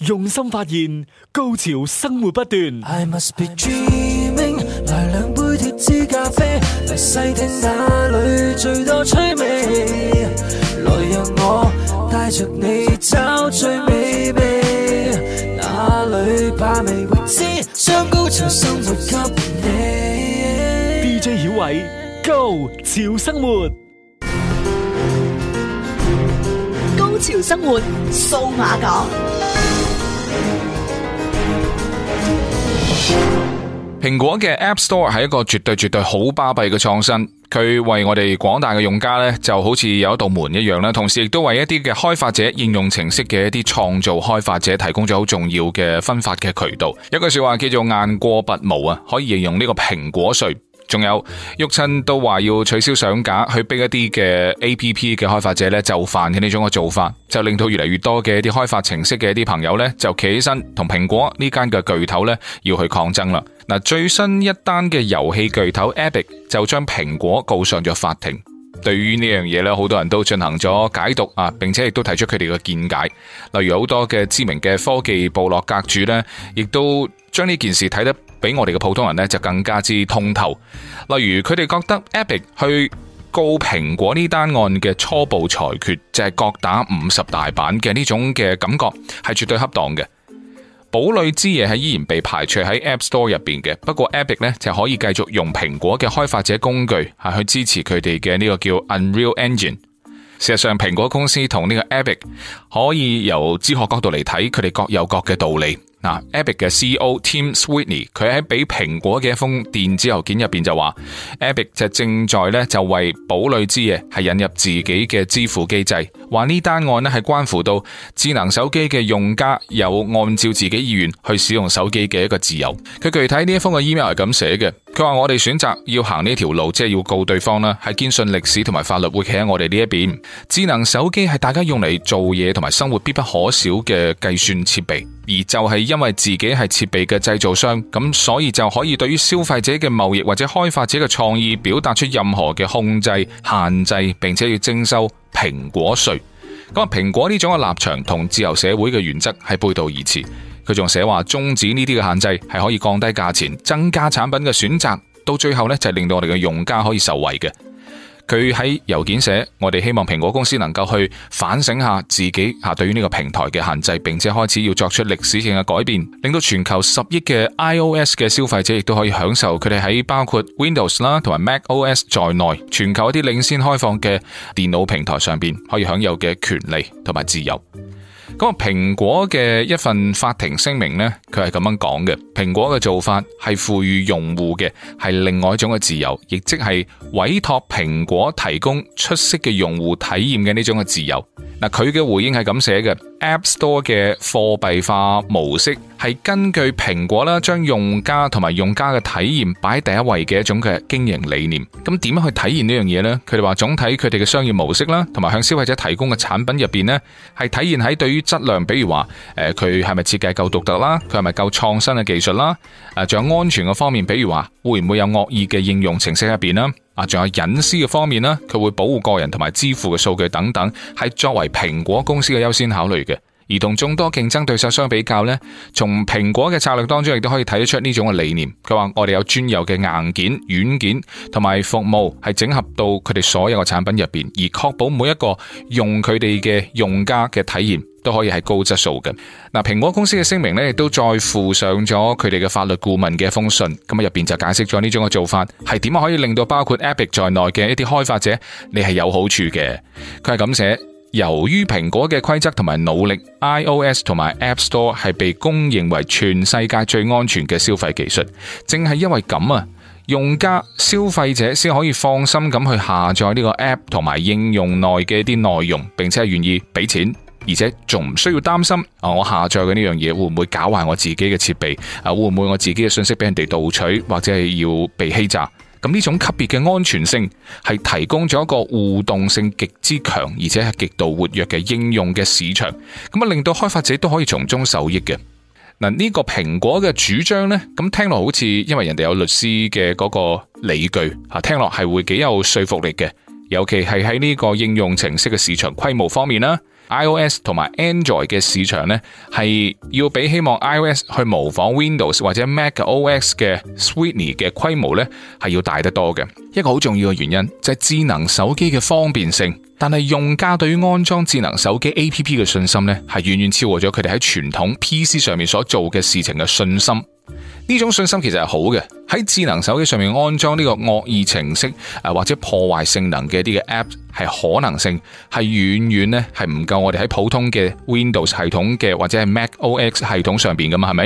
用心發現，高潮生活不斷。Dreaming, 來兩杯鐵之咖啡，嚟細聽那裏最多趣味。來讓我帶着你找最美味，那裏把味知，將高潮生活給你。DJ 小偉，Go，潮生活，高潮生活，數碼港。蘋果嘅 App Store 係一個絕對絕對好巴閉嘅創新，佢為我哋廣大嘅用家呢就好似有一道門一樣啦，同時亦都為一啲嘅開發者應用程式嘅一啲創造開發者提供咗好重要嘅分發嘅渠道。一句說話叫做雁過拔毛啊，可以形容呢個蘋果稅。仲有喐親都話要取消上架，去逼一啲嘅 A P P 嘅開發者咧就範嘅呢種嘅做法，就令到越嚟越多嘅一啲開發程式嘅一啲朋友咧就企起身同蘋果呢間嘅巨頭咧要去抗爭啦。嗱，最新一單嘅遊戲巨頭 Epic 就將蘋果告上咗法庭。對於呢樣嘢咧，好多人都進行咗解讀啊，並且亦都提出佢哋嘅見解。例如好多嘅知名嘅科技部落格主咧，亦都將呢件事睇得。俾我哋嘅普通人咧就更加之通透。例如佢哋覺得 Epic 去告蘋果呢單案嘅初步裁決就係、是、各打五十大板嘅呢種嘅感覺係絕對恰當嘅。堡壘之夜係依然被排除喺 App Store 入邊嘅，不過 Epic 呢，就可以繼續用蘋果嘅開發者工具係去支持佢哋嘅呢個叫 Unreal Engine。事實上，蘋果公司同呢個 Epic 可以由哲學角度嚟睇，佢哋各有各嘅道理。嗱，Epic 嘅 CEO Tim Sweeney，佢喺俾蘋果嘅一封電子郵件入邊就話，Epic 就正在咧就為堡壘之夜係引入自己嘅支付機制，話呢單案呢係關乎到智能手機嘅用家有按照自己意願去使用手機嘅一個自由。佢具體呢一封嘅 email 係咁寫嘅。佢話我哋選擇要行呢條路，即係要告對方啦，係堅信歷史同埋法律會企喺我哋呢一邊。智能手機係大家用嚟做嘢同埋生活必不可少嘅計算設備，而就係因為自己係設備嘅製造商，咁所以就可以對於消費者嘅貿易或者開發者嘅創意表達出任何嘅控制、限制，並且要徵收蘋果稅。咁啊，蘋果呢種嘅立場同自由社會嘅原則係背道而馳。佢仲寫話終止呢啲嘅限制，係可以降低價錢、增加產品嘅選擇，到最後呢，就係令到我哋嘅用家可以受惠嘅。佢喺郵件寫，我哋希望蘋果公司能夠去反省下自己吓對於呢個平台嘅限制，並且開始要作出歷史性嘅改變，令到全球十億嘅 iOS 嘅消費者亦都可以享受佢哋喺包括 Windows 啦同埋 MacOS 在內全球一啲領先開放嘅電腦平台上邊可以享有嘅權利同埋自由。嗰個蘋果嘅一份法庭聲明呢，佢係咁樣講嘅。蘋果嘅做法係賦予用戶嘅係另外一種嘅自由，亦即係委託蘋果提供出色嘅用戶體驗嘅呢種嘅自由。嗱，佢嘅回應係咁寫嘅：App Store 嘅貨幣化模式係根據蘋果啦，將用家同埋用家嘅體驗擺喺第一位嘅一種嘅經營理念。咁點樣去體現呢樣嘢呢？佢哋話總體佢哋嘅商業模式啦，同埋向消費者提供嘅產品入邊呢，係體現喺對於質量，比如話誒，佢係咪設計夠獨特啦？佢係咪夠創新嘅技術啦？誒，仲有安全嘅方面，比如話會唔會有惡意嘅應用程式入邊啦？啊，仲有隱私嘅方面啦，佢會保護個人同埋支付嘅數據等等，係作為蘋果公司嘅優先考慮嘅。而同眾多競爭對手相比較呢，從蘋果嘅策略當中，亦都可以睇得出呢種嘅理念。佢話我哋有專有嘅硬件、軟件同埋服務，係整合到佢哋所有嘅產品入邊，而確保每一個用佢哋嘅用家嘅體驗。都可以係高質素嘅嗱。蘋果公司嘅聲明呢，亦都再附上咗佢哋嘅法律顧問嘅一封信。咁入邊就解釋咗呢種嘅做法係點啊，可以令到包括 Epic 在內嘅一啲開發者你係有好處嘅。佢係咁寫：由於蘋果嘅規則同埋努力，iOS 同埋 App Store 係被公認為全世界最安全嘅消費技術。正係因為咁啊，用家消費者先可以放心咁去下載呢個 App 同埋應用內嘅一啲內容，並且係願意俾錢。而且仲唔需要擔心啊？我下載嘅呢樣嘢會唔會搞壞我自己嘅設備？啊，會唔會我自己嘅信息俾人哋盜取，或者係要被欺詐？咁呢種級別嘅安全性係提供咗一個互動性極之強，而且係極度活躍嘅應用嘅市場。咁啊，令到開發者都可以從中受益嘅嗱。呢個蘋果嘅主張呢，咁聽落好似因為人哋有律師嘅嗰個理據啊，聽落係會幾有說服力嘅。尤其係喺呢個應用程式嘅市場規模方面啦。iOS 同埋 Android 嘅市場咧，係要比希望 iOS 去模仿 Windows 或者 Mac OS 嘅 Sweeney 嘅規模咧，係要大得多嘅。一個好重要嘅原因就係、是、智能手機嘅方便性，但係用家對於安裝智能手機 APP 嘅信心咧，係遠遠超過咗佢哋喺傳統 PC 上面所做嘅事情嘅信心。呢種信心其實係好嘅，喺智能手機上面安裝呢個惡意程式誒，或者破壞性能嘅啲嘅 App 係可能性係遠遠呢，係唔夠我哋喺普通嘅 Windows 系統嘅或者係 MacOS 系統上邊噶嘛，係咪？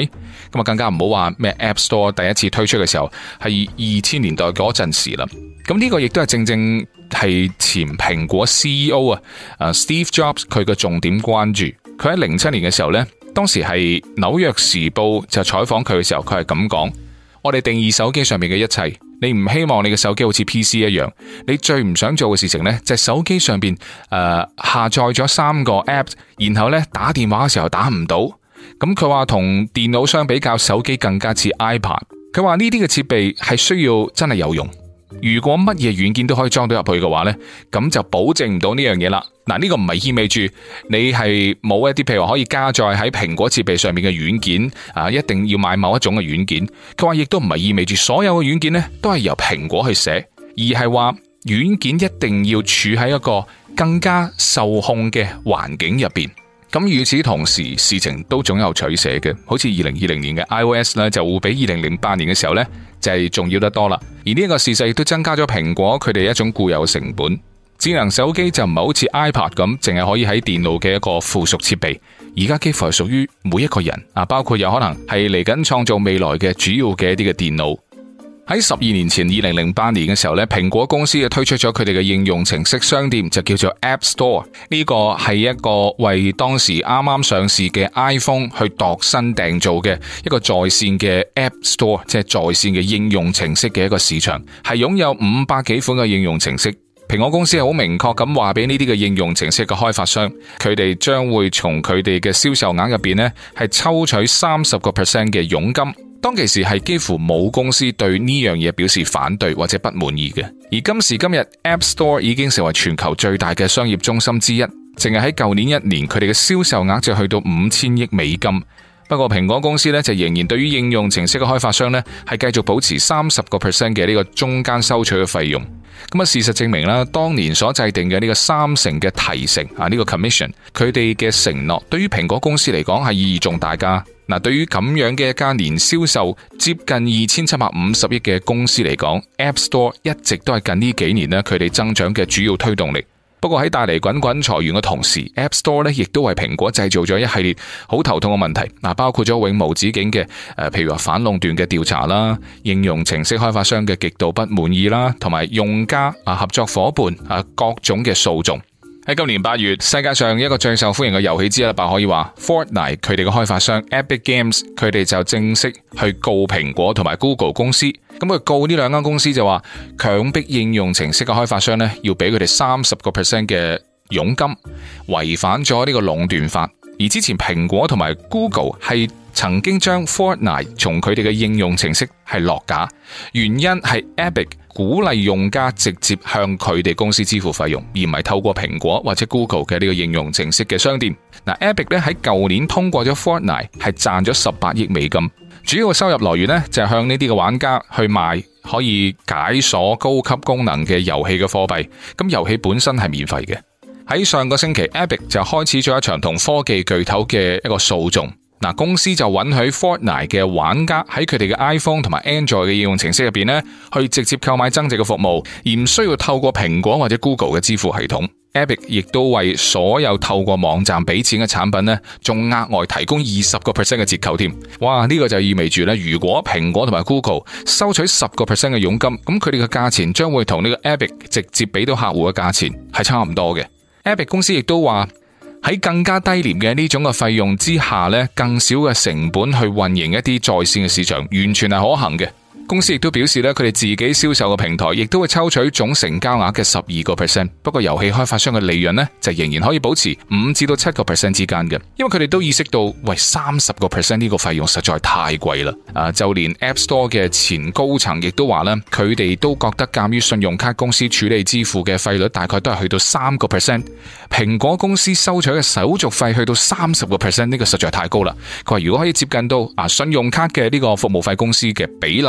咁啊更加唔好話咩 App Store 第一次推出嘅時候係二千年代嗰陣時啦。咁呢個亦都係正正係前蘋果 CEO 啊，Steve Jobs 佢嘅重點關注，佢喺零七年嘅時候呢。當時係紐約時報就採訪佢嘅時候，佢係咁講：我哋定義手機上面嘅一切，你唔希望你嘅手機好似 PC 一樣，你最唔想做嘅事情，呢就係手機上邊誒下載咗三個 app，然後呢，打電話嘅時候打唔到。咁佢話同電腦相比較，手機更加似 iPad。佢話呢啲嘅設備係需要真係有用，如果乜嘢軟件都可以裝到入去嘅話呢，咁就保證唔到呢樣嘢啦。嗱，呢個唔係意味住你係冇一啲譬如話可以加載喺蘋果設備上面嘅軟件，啊，一定要買某一種嘅軟件。佢話亦都唔係意味住所有嘅軟件咧都係由蘋果去寫，而係話軟件一定要處喺一個更加受控嘅環境入邊。咁與此同時，事情都總有取捨嘅。好似二零二零年嘅 iOS 咧，就會比二零零八年嘅時候呢，就係重要得多啦。而呢一個事實亦都增加咗蘋果佢哋一種固有成本。智能手機就唔係好似 iPad 咁，淨係可以喺電腦嘅一個附屬設備。而家幾乎係屬於每一個人啊，包括有可能係嚟緊創造未來嘅主要嘅一啲嘅電腦。喺十二年前，二零零八年嘅時候咧，蘋果公司就推出咗佢哋嘅應用程式商店，就叫做 App Store。呢個係一個為當時啱啱上市嘅 iPhone 去度身訂造嘅一個在線嘅 App Store，即係在線嘅應用程式嘅一個市場，係擁有五百幾款嘅應用程式。蘋果公司係好明確咁話俾呢啲嘅應用程式嘅開發商，佢哋將會從佢哋嘅銷售額入邊咧係抽取三十個 percent 嘅佣金。當其時係幾乎冇公司對呢樣嘢表示反對或者不滿意嘅。而今時今日，App Store 已經成為全球最大嘅商業中心之一。淨係喺舊年一年，佢哋嘅銷售額就去到五千億美金。不過蘋果公司呢，就仍然對於應用程式嘅開發商呢，係繼續保持三十個 percent 嘅呢個中間收取嘅費用。咁啊！事實證明啦，當年所制定嘅呢個三成嘅提成啊，呢個 commission，佢哋嘅承諾對於蘋果公司嚟講係意義重大噶。嗱，對於咁樣嘅一家年銷售接近二千七百五十億嘅公司嚟講，App Store 一直都係近呢幾年咧，佢哋增長嘅主要推動力。不過喺帶嚟滾滾財源嘅同時，App Store 咧，亦都為蘋果製造咗一系列好頭痛嘅問題嗱，包括咗永無止境嘅誒，譬如話反壟斷嘅調查啦，應用程式開發商嘅極度不滿意啦，同埋用家啊合作夥伴啊各種嘅訴訟。喺今年八月，世界上一個最受歡迎嘅遊戲之一，白可以話《Fortnite》，佢哋嘅開發商 Epic Games，佢哋就正式去告蘋果同埋 Google 公司。咁、嗯、佢告呢兩間公司就話，強迫應用程式嘅開發商咧，要俾佢哋三十個 percent 嘅佣金，違反咗呢個壟斷法。而之前蘋果同埋 Google 係曾經將 Fortnite 從佢哋嘅應用程式係落架，原因係 Epic。鼓勵用家直接向佢哋公司支付費用，而唔係透過蘋果或者 Google 嘅呢個應用程式嘅商店。嗱，Epic 咧喺舊年通過咗 Fortnite 係賺咗十八億美金，主要嘅收入來源呢就係、是、向呢啲嘅玩家去賣可以解鎖高級功能嘅遊戲嘅貨幣。咁遊戲本身係免費嘅。喺上個星期，Epic 就開始咗一場同科技巨頭嘅一個訴訟。嗱，公司就允許 Fortnite 嘅玩家喺佢哋嘅 iPhone 同埋 Android 嘅應用程式入邊咧，去直接購買增值嘅服務，而唔需要透過蘋果或者 Google 嘅支付系統。Epic 亦都為所有透過網站俾錢嘅產品咧，仲額外提供二十個 percent 嘅折扣添。哇！呢個就意味住咧，如果蘋果同埋 Google 收取十個 percent 嘅佣金，咁佢哋嘅價錢將會同呢個 Epic 直接俾到客戶嘅價錢係差唔多嘅。Epic 公司亦都話。喺更加低廉嘅呢種嘅費用之下咧，更少嘅成本去運營一啲在線嘅市場，完全係可行嘅。公司亦都表示咧，佢哋自己銷售嘅平台亦都會抽取總成交額嘅十二個 percent。不過遊戲開發商嘅利潤呢，就仍然可以保持五至到七個 percent 之間嘅，因為佢哋都意識到，喂，三十個 percent 呢個費用實在太貴啦。啊，就連 App Store 嘅前高層亦都話呢，佢哋都覺得鑒於信用卡公司處理支付嘅費率大概都係去到三個 percent，蘋果公司收取嘅手續費去到三十個 percent 呢個實在太高啦。佢話如果可以接近到啊信用卡嘅呢個服務費公司嘅比例。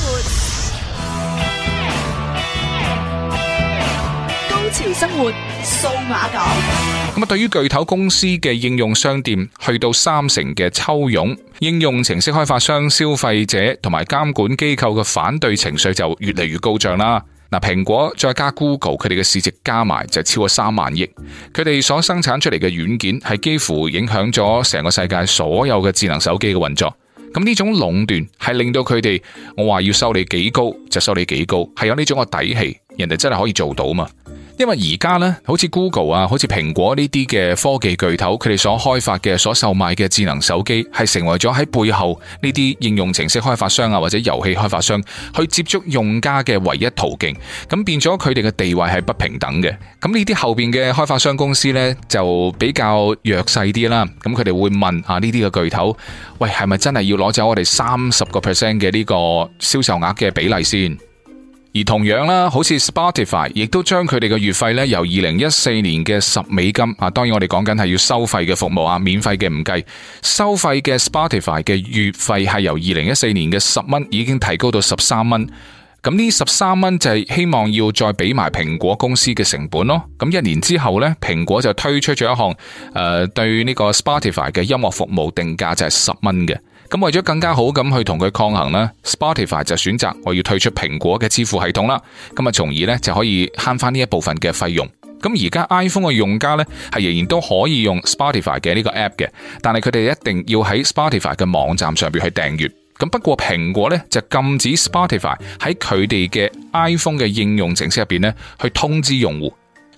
生活數碼咁啊！對於巨頭公司嘅應用商店去到三成嘅抽佣，應用程式開發商、消費者同埋監管機構嘅反對情緒就越嚟越高漲啦。嗱，蘋果再加 Google，佢哋嘅市值加埋就超過三萬億。佢哋所生產出嚟嘅軟件係幾乎影響咗成個世界所有嘅智能手機嘅運作。咁呢種壟斷係令到佢哋，我話要收你幾高就收你幾高，係有呢種嘅底氣，人哋真係可以做到嘛。因為而家咧，好似 Google 啊，好似蘋果呢啲嘅科技巨頭，佢哋所開發嘅、所售賣嘅智能手機，係成為咗喺背後呢啲應用程式開發商啊，或者遊戲開發商去接觸用家嘅唯一途徑，咁變咗佢哋嘅地位係不平等嘅。咁呢啲後邊嘅開發商公司呢，就比較弱勢啲啦。咁佢哋會問啊，呢啲嘅巨頭，喂，係咪真係要攞走我哋三十個 percent 嘅呢個銷售額嘅比例先？而同樣啦，好似 Spotify 亦都將佢哋嘅月費咧，由二零一四年嘅十美金啊，當然我哋講緊係要收費嘅服務啊，免費嘅唔計，收費嘅 Spotify 嘅月費係由二零一四年嘅十蚊已經提高到十三蚊。咁呢十三蚊就係希望要再俾埋蘋果公司嘅成本咯。咁一年之後呢，蘋果就推出咗一項誒、呃，對呢個 Spotify 嘅音樂服務定價就係十蚊嘅。咁為咗更加好咁去同佢抗衡啦，Spotify 就選擇我要退出蘋果嘅支付系統啦，咁啊從而咧就可以慳翻呢一部分嘅費用。咁而家 iPhone 嘅用家咧係仍然都可以用 Spotify 嘅呢個 app 嘅，但係佢哋一定要喺 Spotify 嘅網站上邊去訂閱。咁不過蘋果咧就禁止 Spotify 喺佢哋嘅 iPhone 嘅應用程式入邊咧去通知用戶。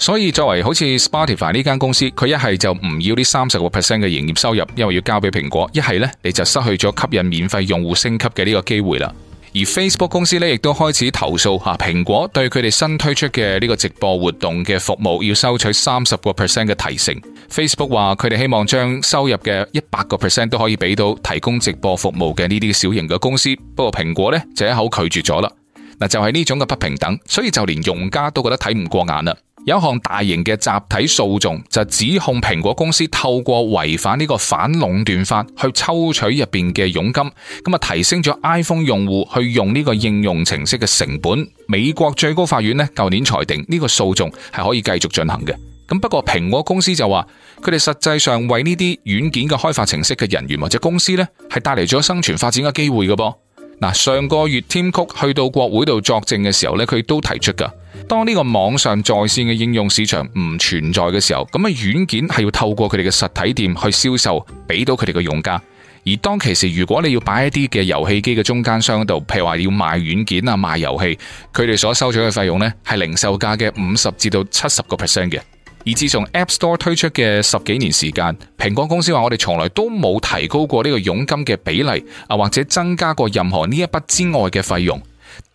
所以作為好似 Spotify 呢間公司，佢一係就唔要呢三十個 percent 嘅營業收入，因為要交俾蘋果；一係呢，你就失去咗吸引免費用戶升級嘅呢個機會啦。而 Facebook 公司呢，亦都開始投訴吓、啊，蘋果對佢哋新推出嘅呢個直播活動嘅服務要收取三十個 percent 嘅提成。Facebook 話佢哋希望將收入嘅一百個 percent 都可以俾到提供直播服務嘅呢啲小型嘅公司，不過蘋果呢，就一口拒絕咗啦。嗱，就係呢種嘅不平等，所以就連用家都覺得睇唔過眼啦。有一項大型嘅集體訴訟，就指控蘋果公司透過違反呢個反壟斷法去抽取入邊嘅佣金，咁啊提升咗 iPhone 用戶去用呢個應用程式嘅成本。美國最高法院呢舊年裁定呢個訴訟係可以繼續進行嘅。咁不過蘋果公司就話佢哋實際上為呢啲軟件嘅開發程式嘅人員或者公司呢係帶嚟咗生存發展嘅機會嘅噃。嗱，上個月 Team 曲，去到國會度作證嘅時候呢，佢都提出噶。當呢個網上在線嘅應用市場唔存在嘅時候，咁啊軟件係要透過佢哋嘅實體店去銷售，俾到佢哋嘅用家。而當其時，如果你要擺一啲嘅遊戲機嘅中間商度，譬如話要賣軟件啊、賣遊戲，佢哋所收取嘅費用呢係零售價嘅五十至到七十個 percent 嘅。而自從 App Store 推出嘅十幾年時間，蘋果公司話我哋從來都冇提高過呢個佣金嘅比例啊，或者增加過任何呢一筆之外嘅費用。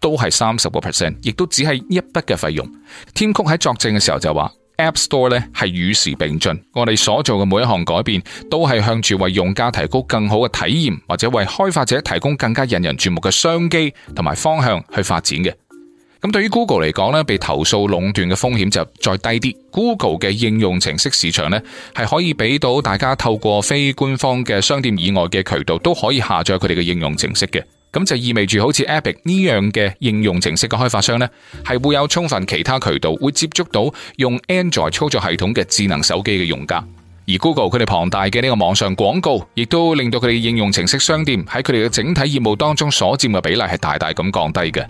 都係三十個 percent，亦都只係一筆嘅費用。Tim Cook 喺作證嘅時候就話，App Store 咧係與時並進，我哋所做嘅每一項改變都係向住為用家提供更好嘅體驗，或者為開發者提供更加引人注目嘅商機同埋方向去發展嘅。咁對於 Google 嚟講咧，被投訴壟斷嘅風險就再低啲。Google 嘅應用程式市場咧係可以俾到大家透過非官方嘅商店以外嘅渠道，都可以下載佢哋嘅應用程式嘅。咁就意味住，好似 Epic 呢樣嘅應用程式嘅開發商呢，係會有充分其他渠道會接觸到用 Android 操作系統嘅智能手機嘅用家。而 Google 佢哋龐大嘅呢個網上廣告，亦都令到佢哋應用程式商店喺佢哋嘅整體業務當中所佔嘅比例係大大咁降低嘅。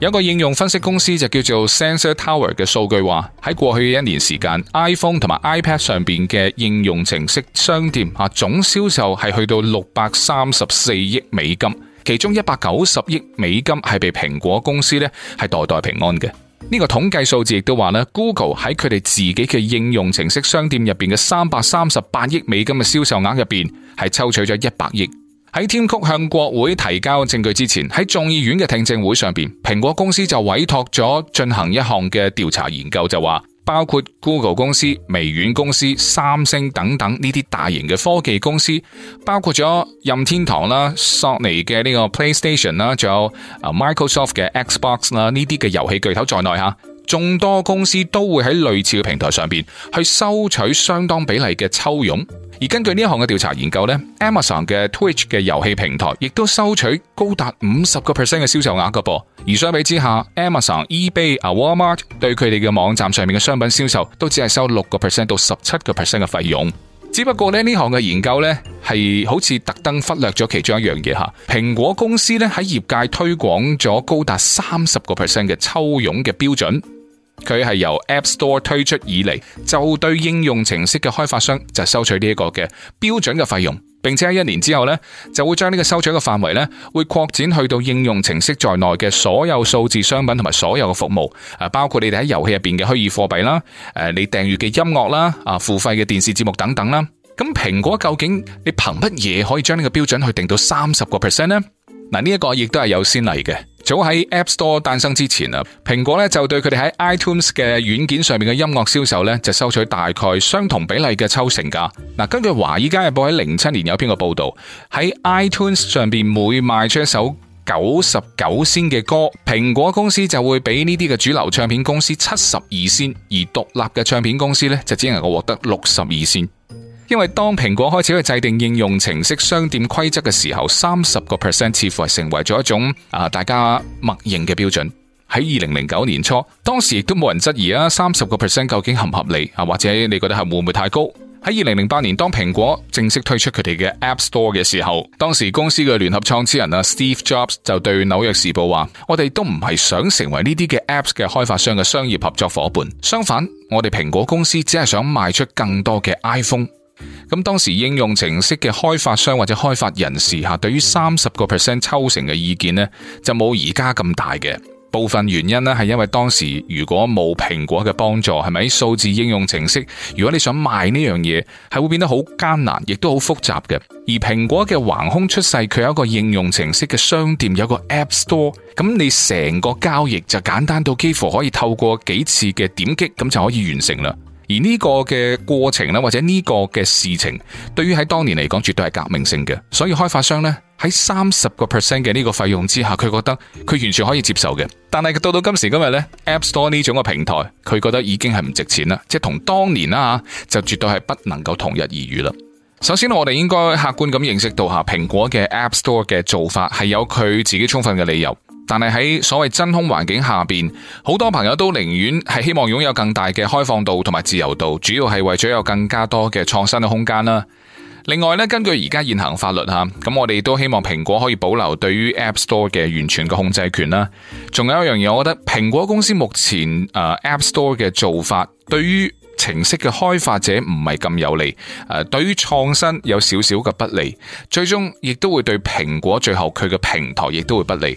有一個應用分析公司就叫做 Sensor Tower 嘅數據話，喺過去嘅一年時間，iPhone 同埋 iPad 上邊嘅應用程式商店啊，總銷售係去到六百三十四億美金。其中一百九十億美金係被蘋果公司咧係代代平安嘅呢、這個統計數字亦都話啦，Google 喺佢哋自己嘅應用程式商店入邊嘅三百三十八億美金嘅銷售額入邊係抽取咗一百億。喺添曲向國會提交證據之前，喺眾議院嘅聽證會上邊，蘋果公司就委託咗進行一項嘅調查研究就，就話。包括 Google 公司、微軟公司、三星等等呢啲大型嘅科技公司，包括咗任天堂啦、索尼嘅呢個 PlayStation 啦，仲有 Microsoft 嘅 Xbox 啦，呢啲嘅遊戲巨頭在內吓。眾多公司都會喺類似嘅平台上邊去收取相當比例嘅抽佣，而根據呢一項嘅調查研究咧，Amazon 嘅 Twitch 嘅遊戲平台亦都收取高達五十個 percent 嘅銷售額噶噃，而相比之下，Amazon、eBay、啊 Walmart 對佢哋嘅網站上面嘅商品銷售都只係收六個 percent 到十七個 percent 嘅費用。只不過呢項嘅研究呢，係好似特登忽略咗其中一樣嘢吓，蘋果公司呢，喺業界推廣咗高達三十個 percent 嘅抽佣嘅標準，佢係由 App Store 推出以嚟就對應用程式嘅開發商就收取呢一個嘅標準嘅費用。並且喺一年之後呢，就會將呢個收取嘅範圍呢，會擴展去到應用程式在內嘅所有數字商品同埋所有嘅服務，誒，包括你哋喺遊戲入邊嘅虛擬貨幣啦，誒，你訂閱嘅音樂啦，啊，付費嘅電視節目等等啦。咁蘋果究竟你憑乜嘢可以將呢個標準去定到三十個 percent 呢？嗱，呢一個亦都係有先例嘅。早喺 App Store 誕生之前啊，蘋果咧就對佢哋喺 iTunes 嘅軟件上面嘅音樂銷售咧，就收取大概相同比例嘅抽成價。嗱，根據《華爾街日報》喺零七年有篇個報導，喺 iTunes 上邊每賣出一首九十九仙嘅歌，蘋果公司就會俾呢啲嘅主流唱片公司七十二仙，而獨立嘅唱片公司咧就只能夠獲得六十二仙。因為當蘋果開始去制定應用程式商店規則嘅時候，三十個 percent 似乎係成為咗一種啊，大家默認嘅標準。喺二零零九年初，當時亦都冇人質疑啊，三十個 percent 究竟合唔合理啊？或者你覺得係會唔會太高？喺二零零八年，當蘋果正式推出佢哋嘅 App Store 嘅時候，當時公司嘅聯合創始人啊，Steve Jobs 就對《紐約時報》話：我哋都唔係想成為呢啲嘅 Apps 嘅開發商嘅商業合作夥伴，相反，我哋蘋果公司只係想賣出更多嘅 iPhone。咁當時應用程式嘅開發商或者開發人士吓，對於三十個 percent 抽成嘅意見呢，就冇而家咁大嘅。部分原因呢，係因為當時如果冇蘋果嘅幫助，係咪數字應用程式如果你想賣呢樣嘢，係會變得好艱難，亦都好複雜嘅。而蘋果嘅橫空出世，佢有一個應用程式嘅商店，有個 App Store，咁你成個交易就簡單到幾乎可以透過幾次嘅點擊，咁就可以完成啦。而呢個嘅過程咧，或者呢個嘅事情，對於喺當年嚟講，絕對係革命性嘅。所以開發商呢，喺三十個 percent 嘅呢個費用之下，佢覺得佢完全可以接受嘅。但係到到今時今日咧，App Store 呢種嘅平台，佢覺得已經係唔值錢啦，即係同當年啦吓就絕對係不能夠同日而語啦。首先我哋應該客觀咁認識到吓蘋果嘅 App Store 嘅做法係有佢自己充分嘅理由。但係喺所謂真空環境下邊，好多朋友都寧願係希望擁有更大嘅開放度同埋自由度，主要係為咗有更加多嘅創新嘅空間啦。另外咧，根據而家現行法律吓，咁我哋都希望蘋果可以保留對於 App Store 嘅完全嘅控制權啦。仲有一樣嘢，我覺得蘋果公司目前誒 App Store 嘅做法，對於程式嘅開發者唔係咁有利誒，對於創新有少少嘅不利，最終亦都會對蘋果最後佢嘅平台亦都會不利。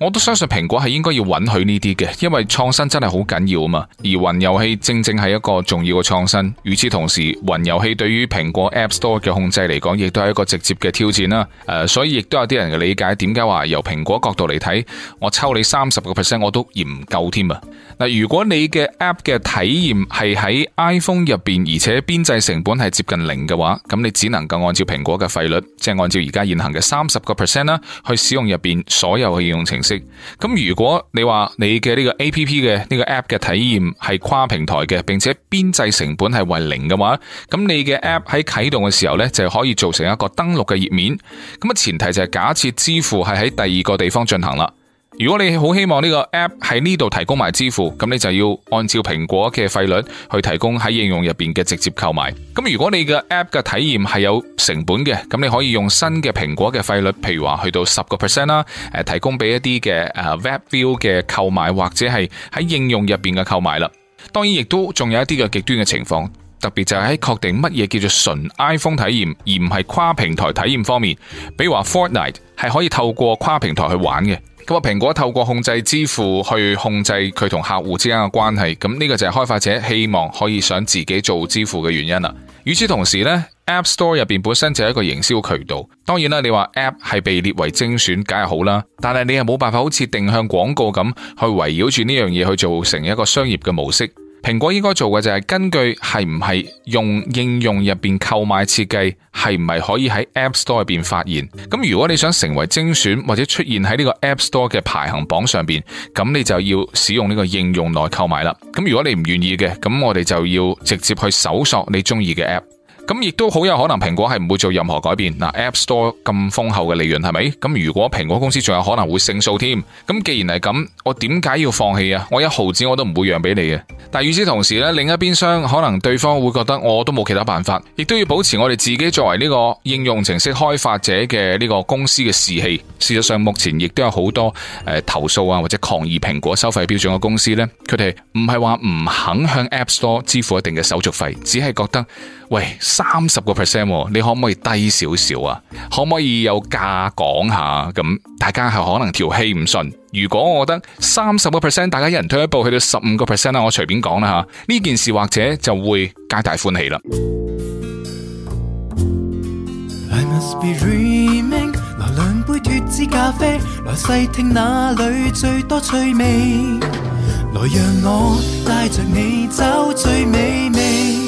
我都相信蘋果係應該要允許呢啲嘅，因為創新真係好緊要啊嘛。而雲遊戲正正係一個重要嘅創新。與此同時，雲遊戲對於蘋果 App Store 嘅控制嚟講，亦都係一個直接嘅挑戰啦。誒、呃，所以亦都有啲人嘅理解，點解話由蘋果角度嚟睇，我抽你三十個 percent，我都嫌唔夠添啊。嗱，如果你嘅 App 嘅體驗係喺 iPhone 入邊，而且邊際成本係接近零嘅話，咁你只能夠按照蘋果嘅費率，即係按照而家現行嘅三十個 percent 啦，去使用入邊所有嘅應用程式。咁如果你話你嘅呢個 A P P 嘅呢個 App 嘅體驗係跨平台嘅，並且邊際成本係為零嘅話，咁你嘅 App 喺啟動嘅時候咧，就可以做成一個登錄嘅頁面。咁啊，前提就係假設支付係喺第二個地方進行啦。如果你好希望呢個 app 喺呢度提供埋支付，咁你就要按照蘋果嘅費率去提供喺應用入邊嘅直接購買。咁如果你嘅 app 嘅體驗係有成本嘅，咁你可以用新嘅蘋果嘅費率，譬如話去到十個 percent 啦，誒，提供俾一啲嘅誒 web view 嘅購買或者係喺應用入邊嘅購買啦。當然，亦都仲有一啲嘅極端嘅情況，特別就係喺確定乜嘢叫做純 iPhone 體驗而唔係跨平台體驗方面，比如話 Fortnite 係可以透過跨平台去玩嘅。咁啊，蘋果透過控制支付去控制佢同客戶之間嘅關係，咁呢個就係開發者希望可以想自己做支付嘅原因啦。與此同時呢 App Store 入邊本身就係一個營銷渠道，當然啦，你話 App 係被列為精選梗係好啦，但係你又冇辦法好似定向廣告咁去圍繞住呢樣嘢去做成一個商業嘅模式。蘋果應該做嘅就係根據係唔係用應用入邊購買設計，係唔係可以喺 App Store 入邊發現？咁如果你想成為精選或者出現喺呢個 App Store 嘅排行榜上邊，咁你就要使用呢個應用來購買啦。咁如果你唔願意嘅，咁我哋就要直接去搜索你中意嘅 App。咁亦都好有可能，蘋果係唔會做任何改變嗱。App Store 咁豐厚嘅利潤係咪？咁如果蘋果公司仲有可能會勝訴添？咁既然係咁，我點解要放棄啊？我一毫子我都唔會讓俾你嘅。但係與此同時呢，另一邊商可能對方會覺得我都冇其他辦法，亦都要保持我哋自己作為呢個應用程式開發者嘅呢個公司嘅士氣。事實上，目前亦都有好多誒投訴啊，或者抗議蘋果收費標準嘅公司呢，佢哋唔係話唔肯向 App Store 支付一定嘅手續費，只係覺得。喂，三十個 percent，你可唔可以低少少啊？可唔可以有價講下？咁大家係可能條氣唔順。如果我覺得三十個 percent，大家一人退一步去到十五個 percent 啦，我隨便講啦吓，呢件事或者就會皆大歡喜啦。來兩杯脫脂咖啡，來細聽哪裏最多趣味，來讓我帶着你找最美味。